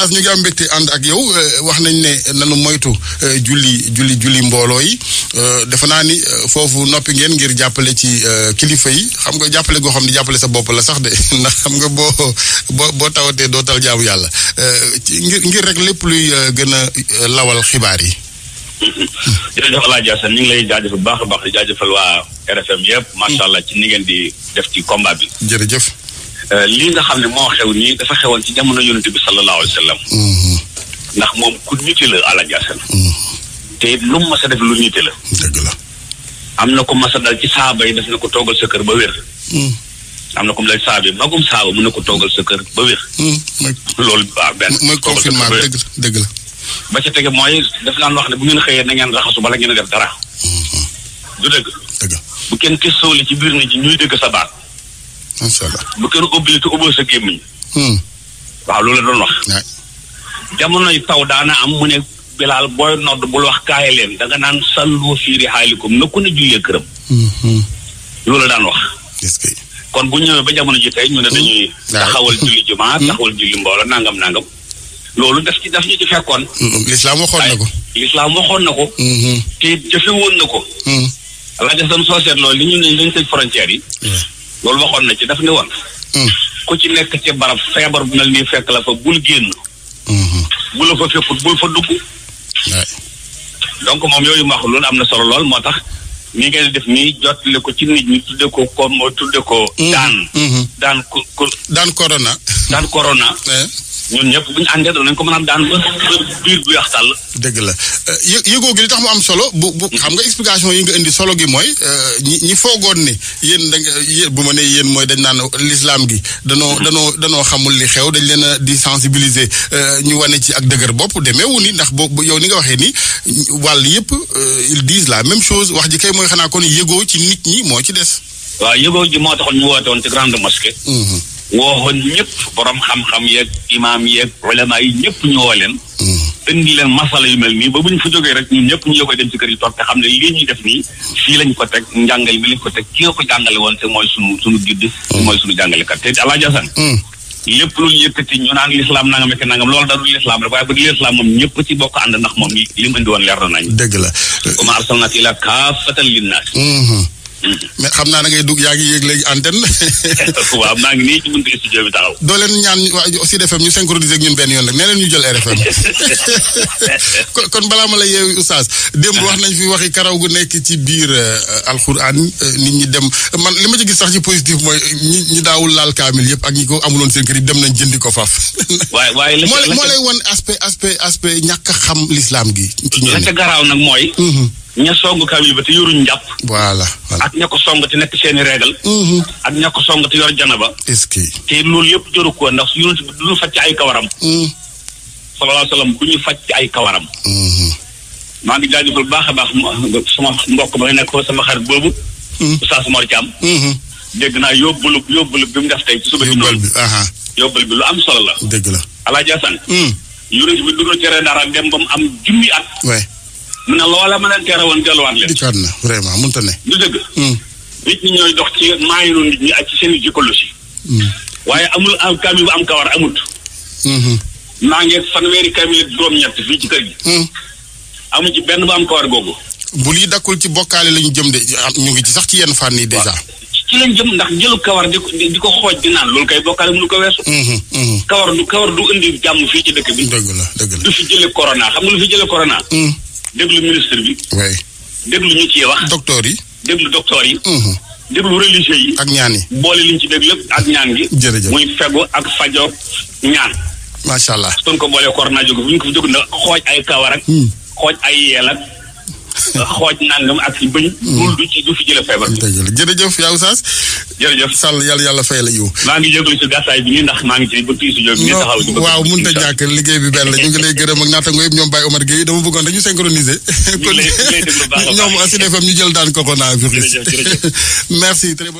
oustaz ñu ngi am mbégte ànd ak yow euh, wax nañ ne nanu moytu euh, julli julli julli mbooloo yi euh, defe naa ni foofu noppi ngeen ngir jàppale ci kilifa yi xam nga jàppale goo xam jàppale sa bopp la sax de ndax xam nga boo boo boo tawatee doo tal jaamu yàlla ngir ngir rek lépp luy gën a lawal xibaar yi. jërëjëf El Hadj Assane ñu ngi lay jaajëfal bu baax a baax di jaajëfal waa RFM yëpp. Hmm. macha allah ci ni ngeen di def ci combat bi. jërëjëf. Euh, lii nga xam ne moo xew nii dafa xewoon ci jamono yonent bi sallallahu alayhi wa sallam mhm. ndax moom ku nite la Alaaji mhm. te lu mu mas a def lu nite la dëgg la am na ko mas a dal ci saaba yi def na ko toogal sa kër ba wér mhm. am na comme lay saaba yi magum saaba ne ko toogal sa kër ba wér loolu waaw benn mooy confinement dëgg la dëgg la ba ca tege mooy daf naan wax ne bu ngeen xëyee na ngeen raxasu bala ngeen a def dara du dëgg bu kenn kës sooli ci biir na ji ñuy dëgg sa baat incha allah bu kenn ubbi te ubbal sa gémmiñ. Hmm. waaw loolu la doon wax. jamonoy taw daana am mu ne bilaal booy nodd bul wax kaay leen da naan sallu fii rihaalikum na ku ne jullee këram. Hmm. loolu la daan wax. kon bu ñëwee ba jamono ji tey ñu ne hmm. dañuy. taxawal julli jumaa taxawal julli mbooloo loolu daf ci daf ñu ci fekkoon. lislaam waxoon na ko. lislaam waxoon na ko. te jëfe woon na ko. ala des doon soo seetloo li ñu ne lañ tëj frontière yi. loolu waxoon na ci daf ne won mm. ku ci nekk ci barab feebar bu mel nii fekk la fa bul génn. Mm-hmm. bu la fa fekkut bul fa dugg. donc moom yooyu ma wax loolu am na solo lool moo tax mi ngeen def nii jotle ko ci nit ñi tudde ko ko moo tudde ko. Mm-hmm. daan mm-hmm. daan ko daan korona daan corona. ñun ñëpp bu ñu àndee danañ ko mën a daan ba biir bu yax dëgg la euh, yëgoo gi li tax mu am solo bu bu xam nga explication yi nga indi solo gi mooy euh, ñi ñi foogoon ni yéen da nga bu ma yéen mooy dañ naan l'islam gi danoo mm-hmm. danoo danoo xamul li xew dañ leen a di sensibiliser euh, ñu wane ci ak dëgër bopp demeewu ni ndax boobu yow ni nga waxee ni wàll yëpp ils disent la même chose wax ji kay mooy xanaa kon yëgoo ci nit ñi moo ci des. waaw yëgoo ji moo taxoon ñu woote woon ci grande mosquée. Mm-hmm. woowoon ñëpp borom xam-xam yeeg imaam yeeg ulama yi ñëpp ñu woo leen. Mm. indi yu mel nii ba bu ñu fa jógee rek ñun ñëpp ñu koy dem ci kër yi toog te xam ne lii def nii fii lañ ko teg njàngal mi ko teg ki ko jàngale woon te mooy sunu sunu guide. Mm. mooy sunu jàngalekat te Alaaji Asan mm. lépp lu ñu yëkkati ñu naan lislaam nangam ak nangam a darul lislaam rek waaye bu di lislaam moom ñëpp ci bokk ànd ndax moom li mu indi woon leer na nañ. dëgg la. wa maa arsalnaaka illaa mais xam naa da ngay dugg yaa ngi yéeg léegi antenne. waaw maa ngi nii ci buntu bi taxaw. doo leen ñaan waa Sud FM ñu synchroniser ak benn yoon rek leen ñu jël RFM kon balaa ma la yeewi oustaz. démb ah. wax nañ fi waxi karaw gu nekk ci biir euh, alxuraan euh, nit ñi dem man li ma ci gis sax ci positif mooy ñi ñi daawul laal kaamil yëpp ak ñi ko amuloon seen kër dem nañ jëndi ko faaf. waaye waaye la moo lay won aspect aspect aspect ñàkk xam lislaam gi. ci ñenn nag mooy. Mm-hmm. ña song kaamil ba te yoruñ njàpp. voilà voilà ak ña ko song te nekk seeni régal. Mm-hmm. ak ña ko song te yor janaba. est-ce que. te loolu yëpp jëru ko ndax su yonent bi du ñu faj ci ay kawaram. Mm-hmm. sallallahu alayhi wa sallam du ñu faj ci ay kawaram. Mm-hmm. maa a baax sama mbokk ba nekk ko sama xarit boobu. Oustaz Mor Thiam. dégg naa yóbbalu yóbbalu bi mu def tey ci suba ci noonu. yóbbal bi la. dëgg la mm. dara dem ba mu am junni at. mu ne loola ma leen tere woon delluwaat leen. na vraiment mënut a ne. du dëgg. Hmm. nit ñi ñooy dox ci maayiru nit ñi ak seen i jikolosi. Hmm. amul am kaamil bu am kawar amut. naa hmm. ngeen fanweeri kaamil juróom-ñett fii ci kër gi. amu ci benn bu am kawar googu. bu lii dakkul ci bokkaale lañu jëm de ñu ngi ci sax ci yenn fànn yi dèjà. ci lañ jëm ndax jël kawar di ko di ko xooj di naan loolu kay bokkaale mënu ko weesu. kawar du kawar du indi jàmm fii ci dëkk bi. dëgg la dëgg la du fi jëlee corona xam nga lu fi jëlee corona. déglu ministre bi. oui lu ñu ci wax. docteur yi. déglu docteur yi. Mhm. déglu religieux yi. ak ñaan yi boole liñ ci dégg lépp ak ñaan gi. jërëjëf muy fegu ak fajo ñaan. macha allah su ko boolee koor naa jóg bu ñu ko jóg na xooj ay kawar hmm. xooj ay yeel xooj nangam ak bëñ. Mm. loolu du ci du fi jëlee feebar. jërëjëf yaa Oustaz. jërëjëf bi nii ndax maa ngi ba tuuti studio bi waaw mënut a ñàkk liggéey bi benn la ñu ngi lay gërëm ak naataango yëpp ñoom Baye Omar Gueye dama bëggoon dañu ñu ngi a ñoom Sud ñu jël daan coronavirus. jërëjëf jërëjëf merci très